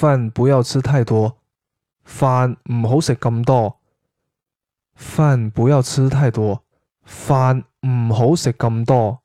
飯不要吃太多，飯唔好食咁多。飯不要吃太多，飯唔好食咁多。